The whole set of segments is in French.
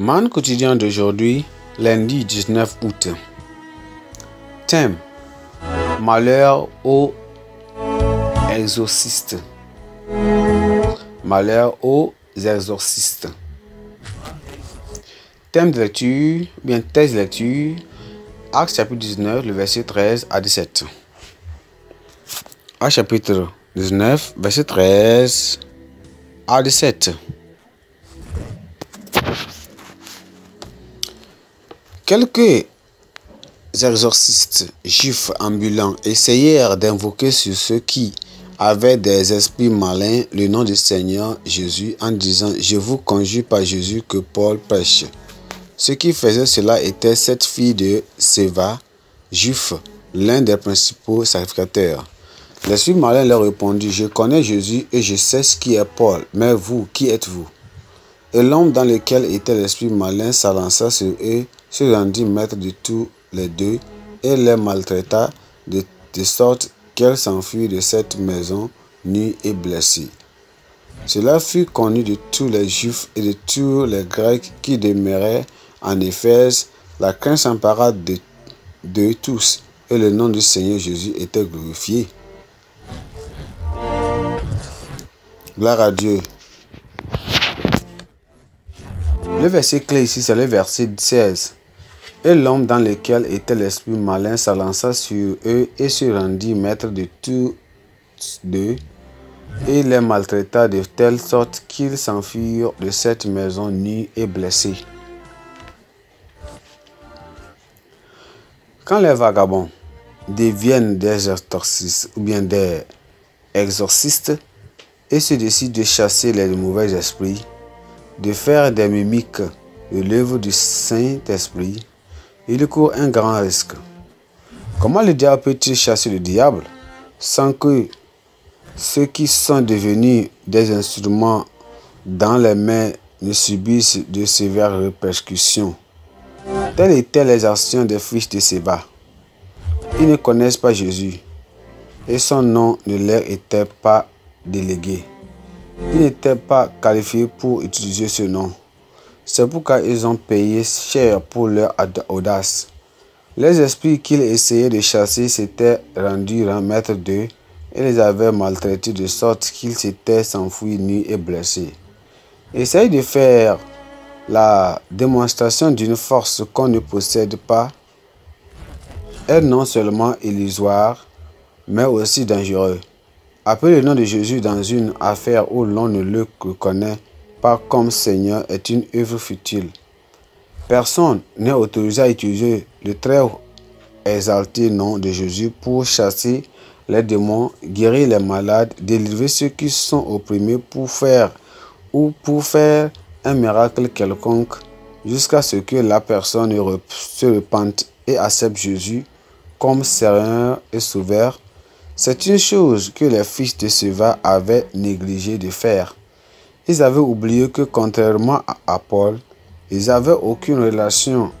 Man quotidien d'aujourd'hui, lundi 19 août. Thème Malheur aux exorcistes. Malheur aux exorcistes. Thème de lecture, bien thèse de lecture, Acte chapitre 19, le verset 13 à 17. Acte chapitre 19, verset 13 à 17. Quelques exorcistes juifs ambulants essayèrent d'invoquer sur ceux qui avaient des esprits malins le nom du Seigneur Jésus en disant Je vous conjure par Jésus que Paul prêche. Ce qui faisait cela était cette fille de Séva, juif, l'un des principaux sacrificateurs. L'esprit malin leur répondit Je connais Jésus et je sais ce qui est Paul, mais vous, qui êtes-vous Et l'homme dans lequel était l'esprit malin s'avança sur eux se rendit maître de tous les deux et les maltraita de, sorte qu'elle s'enfuit de cette maison nue et blessée. Cela fut connu de tous les Juifs et de tous les Grecs qui demeuraient en Éphèse. La crainte s'empara de, tous et le nom du Seigneur Jésus était glorifié. Gloire à Dieu. Le verset clé ici, c'est le verset 16. Et l'homme dans lequel était l'esprit malin s'alança sur eux et se rendit maître de tous deux, et les maltraita de telle sorte qu'ils s'enfuirent de cette maison nue et blessés. Quand les vagabonds deviennent des exorcistes ou bien des exorcistes et se décident de chasser les mauvais esprits, de faire des mimiques de l'œuvre du Saint-Esprit, il court un grand risque. Comment le diable peut-il chasser le diable sans que ceux qui sont devenus des instruments dans les mains ne subissent de sévères répercussions Telles étaient les actions des fils de Séba. Ils ne connaissent pas Jésus et son nom ne leur était pas délégué. Ils n'étaient pas qualifiés pour utiliser ce nom. C'est pourquoi ils ont payé cher pour leur audace. Les esprits qu'ils essayaient de chasser s'étaient rendus maître d'eux et les avaient maltraités de sorte qu'ils s'étaient s'enfuis nus et blessés. Essayer de faire la démonstration d'une force qu'on ne possède pas est non seulement illusoire, mais aussi dangereux. Après le nom de Jésus dans une affaire où l'on ne le connaît pas comme Seigneur est une œuvre futile. Personne n'est autorisé à utiliser le très exalté nom de Jésus pour chasser les démons, guérir les malades, délivrer ceux qui sont opprimés pour faire ou pour faire un miracle quelconque jusqu'à ce que la personne se repente et accepte Jésus comme Seigneur et Sauveur. C'est une chose que les fils de Seva avaient négligé de faire. Ils avaient oublié que contrairement à Paul, ils n'avaient aucune relation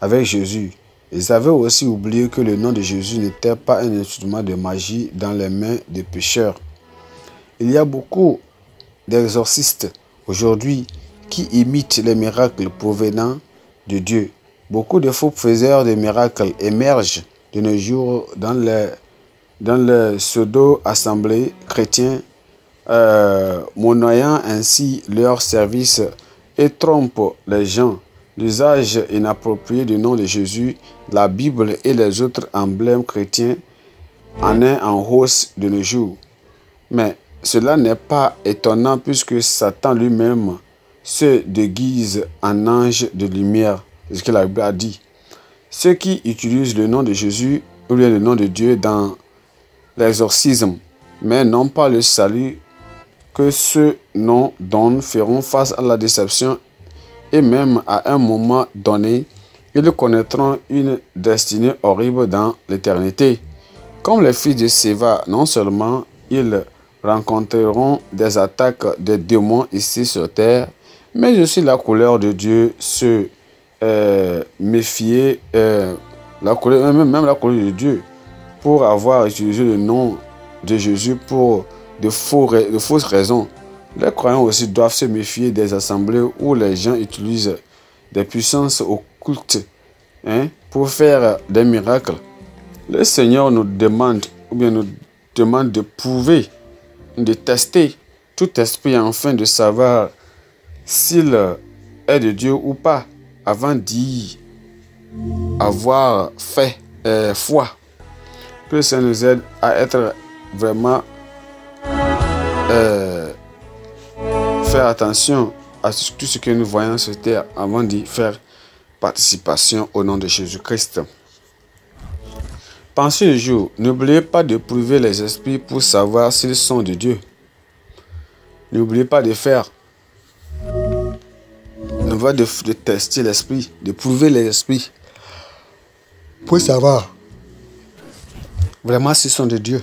avec Jésus. Ils avaient aussi oublié que le nom de Jésus n'était pas un instrument de magie dans les mains des pécheurs. Il y a beaucoup d'exorcistes aujourd'hui qui imitent les miracles provenant de Dieu. Beaucoup de faux faiseurs de miracles émergent de nos jours dans les, dans les pseudo-assemblées chrétiennes euh, ainsi leur service et trompent les gens. L'usage inapproprié du nom de Jésus, la Bible et les autres emblèmes chrétiens en est en hausse de nos jours. Mais cela n'est pas étonnant puisque Satan lui-même se déguise en ange de lumière, ce que la Bible a dit. Ceux qui utilisent le nom de Jésus ou le nom de Dieu dans l'exorcisme, mais n'ont pas le salut ce nom non feront face à la déception et même à un moment donné, ils connaîtront une destinée horrible dans l'éternité. Comme les fils de Séva, non seulement ils rencontreront des attaques de démons ici sur terre, mais aussi la couleur de Dieu se euh, méfier, euh, la couleur, même, même la couleur de Dieu, pour avoir utilisé le nom de Jésus pour de, de fausses raisons. Les croyants aussi doivent se méfier des assemblées où les gens utilisent des puissances occultes hein, pour faire des miracles. Le Seigneur nous demande, ou bien nous demande de prouver, de tester tout esprit afin de savoir s'il est de Dieu ou pas, avant d'y avoir fait euh, foi. Que ça nous aide à être vraiment euh, faire attention à tout ce que nous voyons sur terre avant de faire participation au nom de Jésus-Christ. Pensez un jour, n'oubliez pas de prouver les esprits pour savoir s'ils sont de Dieu. N'oubliez pas de faire. N'oubliez de, de tester l'esprit, de prouver les esprits pour savoir vraiment s'ils sont de Dieu.